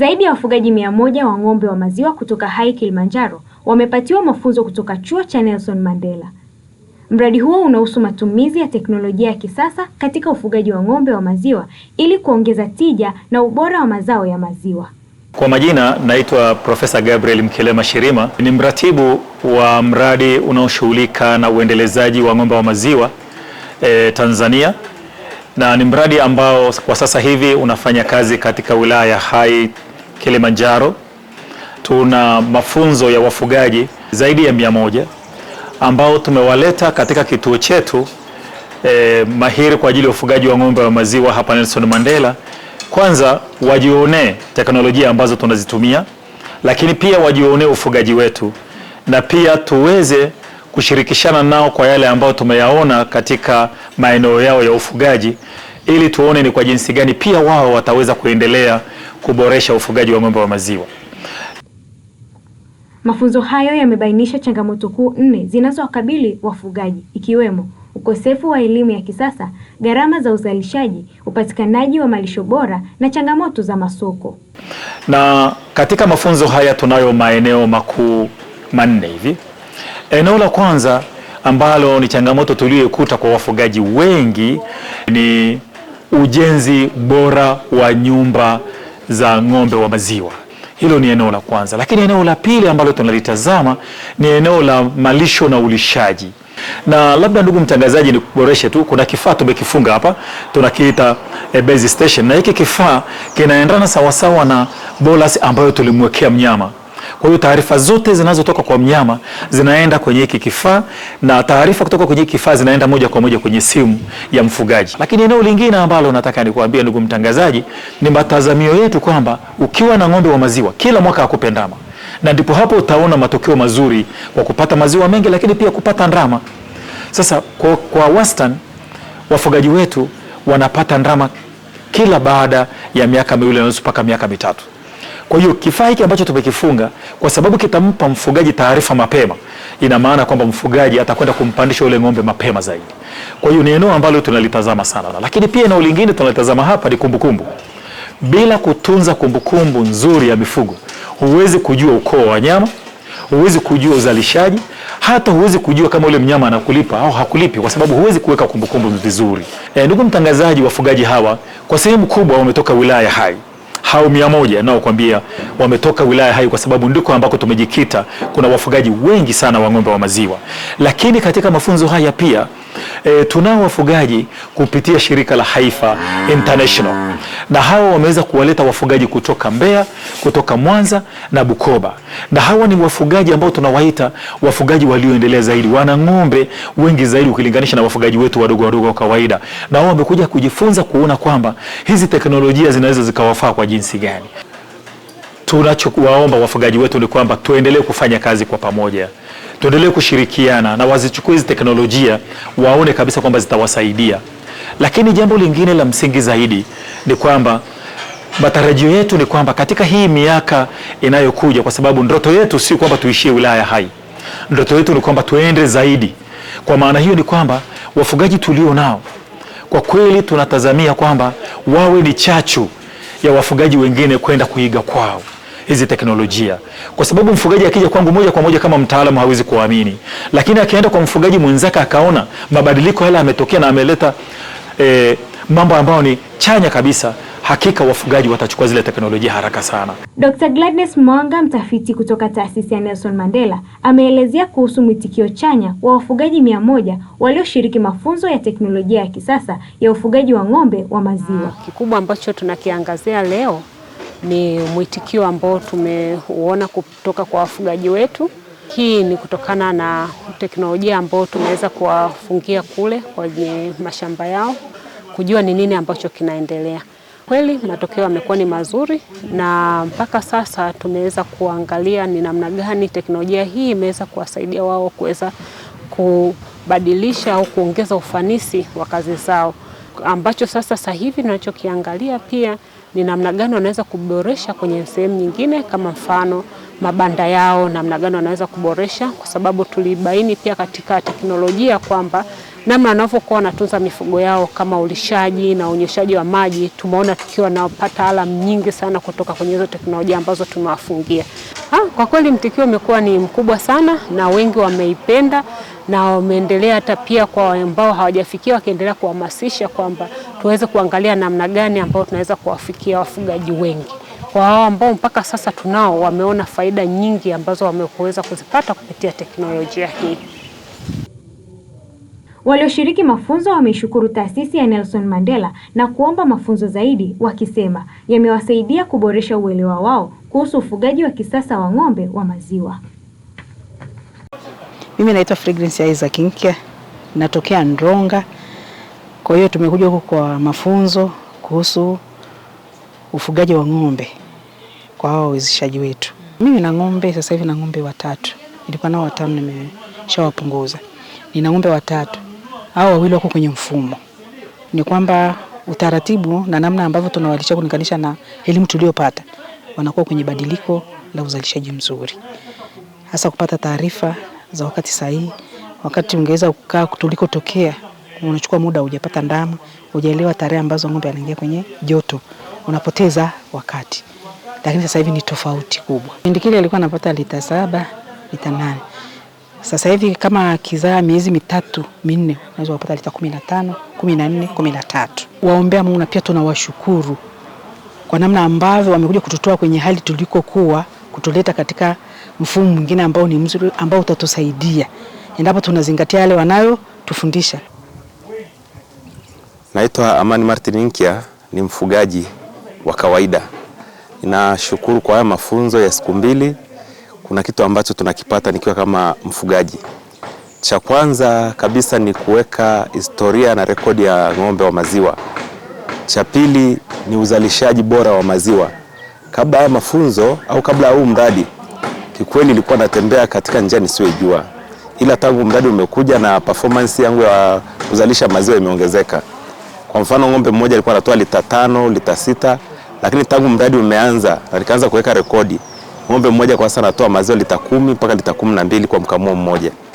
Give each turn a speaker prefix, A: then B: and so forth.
A: Zaidi ya wafugaji mia moja wa ng'ombe wa maziwa kutoka Hai Kilimanjaro wamepatiwa mafunzo kutoka chuo cha Nelson Mandela. Mradi huo unahusu matumizi ya teknolojia ya kisasa katika ufugaji wa ng'ombe wa maziwa ili kuongeza tija na ubora wa mazao ya maziwa.
B: Kwa majina naitwa Profesa Gabriel Mkelema Shirima, ni mratibu wa mradi unaoshughulika na uendelezaji wa ng'ombe wa maziwa e, Tanzania na ni mradi ambao kwa sasa hivi unafanya kazi katika wilaya ya Hai Kilimanjaro. Tuna mafunzo ya wafugaji zaidi ya mia moja ambao tumewaleta katika kituo chetu eh, mahiri kwa ajili ya ufugaji wa ng'ombe wa maziwa hapa Nelson Mandela. Kwanza wajionee teknolojia ambazo tunazitumia, lakini pia wajionee ufugaji wetu na pia tuweze kushirikishana nao kwa yale ambayo tumeyaona katika maeneo yao ya ufugaji ili tuone ni kwa jinsi gani pia wao wataweza kuendelea kuboresha ufugaji wa ng'ombe wa maziwa.
A: Mafunzo hayo yamebainisha changamoto kuu nne zinazowakabili wafugaji ikiwemo ukosefu wa elimu ya kisasa, gharama za uzalishaji, upatikanaji wa malisho bora na changamoto za masoko.
B: Na katika mafunzo haya tunayo maeneo makuu manne hivi. Eneo la kwanza ambalo ni changamoto tuliyokuta kwa wafugaji wengi ni ujenzi bora wa nyumba za ng'ombe wa maziwa. Hilo ni eneo la kwanza, lakini eneo la pili ambalo tunalitazama ni eneo la malisho na ulishaji. Na labda ndugu mtangazaji, ni kuboreshe tu, kuna kifaa tumekifunga hapa, tunakiita e, base station, na hiki kifaa kinaendana sawasawa na bolus ambayo tulimwekea mnyama. Kwa hiyo taarifa zote zinazotoka kwa mnyama zinaenda kwenye hiki kifaa, na taarifa kutoka kwenye hiki kifaa zinaenda moja kwa moja kwenye simu ya mfugaji. Lakini eneo lingine ambalo nataka nikuambia ndugu mtangazaji, ni matazamio yetu kwamba ukiwa na ng'ombe wa maziwa kila mwaka akupe ndama, na ndipo hapo utaona matokeo mazuri kwa kupata maziwa mengi, lakini pia kupata ndama. Sasa kwa, kwa wastani wafugaji wetu wanapata ndama kila baada ya miaka miwili na nusu mpaka miaka mitatu. Kwa hiyo kifaa hiki ambacho tumekifunga, kwa sababu kitampa mfugaji taarifa mapema, ina maana kwamba mfugaji atakwenda kumpandisha ule ng'ombe mapema zaidi. Kwa hiyo ni eneo ambalo tunalitazama sana, lakini pia eneo lingine tunalitazama hapa ni kumbukumbu. Bila kutunza kumbukumbu nzuri ya mifugo, huwezi kujua ukoo wa wanyama, huwezi kujua uzalishaji, hata huwezi kujua kama ule mnyama anakulipa au hakulipi, kwa sababu huwezi kuweka kumbukumbu vizuri. E, ndugu mtangazaji, wafugaji hawa kwa sehemu kubwa wametoka wilaya Hai hao mia moja naokwambia wametoka wilaya Hai kwa sababu ndiko ambako tumejikita. Kuna wafugaji wengi sana wa ng'ombe wa maziwa, lakini katika mafunzo haya pia E, tunao wafugaji kupitia shirika la Haifa International na hawa wameweza kuwaleta wafugaji kutoka Mbeya, kutoka Mwanza na Bukoba, na hawa ni wafugaji ambao tunawaita wafugaji walioendelea zaidi, wana ng'ombe wengi zaidi ukilinganisha na wafugaji wetu wadogo wadogo wa kawaida, na wao wamekuja kujifunza kuona kwamba hizi teknolojia zinaweza zikawafaa kwa jinsi gani tunachowaomba wafugaji wetu ni kwamba tuendelee kufanya kazi kwa pamoja, tuendelee kushirikiana na wazichukue hizi teknolojia, waone kabisa kwamba zitawasaidia. Lakini jambo lingine la msingi zaidi ni kwamba matarajio yetu ni kwamba katika hii miaka inayokuja, kwa sababu ndoto yetu si kwamba tuishie wilaya Hai, ndoto yetu ni kwamba tuende zaidi. Kwa maana hiyo ni kwamba wafugaji tulio nao kwa kweli tunatazamia kwamba wawe ni chachu ya wafugaji wengine kwenda kuiga kwao hizi teknolojia, kwa sababu mfugaji akija kwangu moja kwa moja kama mtaalamu hawezi kuamini, lakini akienda kwa mfugaji mwenzake akaona mabadiliko yale ametokea na ameleta e, mambo ambayo ni chanya kabisa, hakika wafugaji watachukua zile teknolojia haraka sana.
A: Dr. Gladness Mwanga, mtafiti kutoka taasisi ya Nelson Mandela, ameelezea kuhusu mwitikio chanya wa wafugaji mia moja walioshiriki mafunzo ya teknolojia ya kisasa ya ufugaji wa ng'ombe wa maziwa.
C: Kikubwa ambacho tunakiangazia leo ni mwitikio ambao tumeuona kutoka kwa wafugaji wetu. Hii ni kutokana na teknolojia ambayo tumeweza kuwafungia kule kwenye mashamba yao, kujua ni nini ambacho kinaendelea. Kweli matokeo yamekuwa ni mazuri, na mpaka sasa tumeweza kuangalia ni namna gani teknolojia hii imeweza kuwasaidia wao kuweza kubadilisha au kuongeza ufanisi wa kazi zao, ambacho sasa hivi tunachokiangalia pia ni namna gani wanaweza kuboresha kwenye sehemu nyingine, kama mfano mabanda yao, namna gani wanaweza kuboresha, kwa sababu tulibaini pia katika teknolojia kwamba namna wanavyokuwa wanatunza mifugo yao kama ulishaji na unyeshaji wa maji, tumeona tukiwa napata alam nyingi sana kutoka kwenye hizo teknolojia ambazo tumewafungia. Ha, kwa kweli mtikio umekuwa ni mkubwa sana na wengi wameipenda na wameendelea hata pia kwa ambao hawajafikia wakiendelea kuhamasisha kwamba tuweze kuangalia namna gani ambao tunaweza kuwafikia wafugaji wengi kwa hao ambao mpaka sasa tunao wameona faida nyingi ambazo wameweza kuzipata kupitia teknolojia hii.
A: Walioshiriki mafunzo wameishukuru taasisi ya Nelson Mandela na kuomba mafunzo zaidi, wakisema yamewasaidia kuboresha uelewa wao kuhusu ufugaji wa kisasa wa ng'ombe wa maziwa.
D: Mimi naitwa Fragrance Isaac Nkia, natokea Ndronga. Kwa hiyo tumekuja huku kwa mafunzo kuhusu ufugaji wa ng'ombe kwa hao wawezeshaji wetu. Mimi na ng'ombe sasa hivi na ng'ombe watatu, nilikuwa nao watano, nimeshawapunguza. Nina ng'ombe watatu, hao wawili wako kwenye mfumo. Ni kwamba utaratibu na namna ambavyo tunawalisha kunikanisha na elimu tuliyopata, wanakuwa kwenye badiliko la uzalishaji mzuri, hasa kupata taarifa za wakati sahihi, wakati ungeweza kukaa tulikotokea unachukua muda, hujapata ndama, hujaelewa tarehe ambazo ng'ombe anaingia kwenye joto, unapoteza wakati. Lakini sasa hivi ni tofauti kubwa. Kindikili alikuwa anapata lita saba, lita nane. Sasa hivi kama kizaa miezi mitatu minne, unaweza kupata lita kumi na tano, kumi na nne, kumi na tatu. Waombea Mungu na pia tunawashukuru kwa namna ambavyo wamekuja kututoa kwenye hali tulikokuwa, kutuleta katika mfumo mwingine ambao ni mzuri, ambao utatusaidia endapo tunazingatia yale wanayo tufundisha.
E: Naitwa Amani Martin Inkia, ni mfugaji wa kawaida. Ninashukuru kwa haya mafunzo ya siku mbili. Kuna kitu ambacho tunakipata nikiwa kama mfugaji. Cha kwanza kabisa ni kuweka historia na rekodi ya ng'ombe wa maziwa. Cha pili ni uzalishaji bora wa maziwa. Kabla ya mafunzo au kabla ya huu mradi, kikweli nilikuwa natembea katika njia nisiyojua, ila tangu mradi umekuja na performance yangu ya kuzalisha maziwa imeongezeka. Kwa mfano ng'ombe mmoja alikuwa anatoa lita tano, lita sita, lakini tangu mradi umeanza na nikaanza kuweka rekodi, ng'ombe mmoja kwa sasa anatoa maziwa lita kumi mpaka lita kumi na mbili kwa mkamuo mmoja.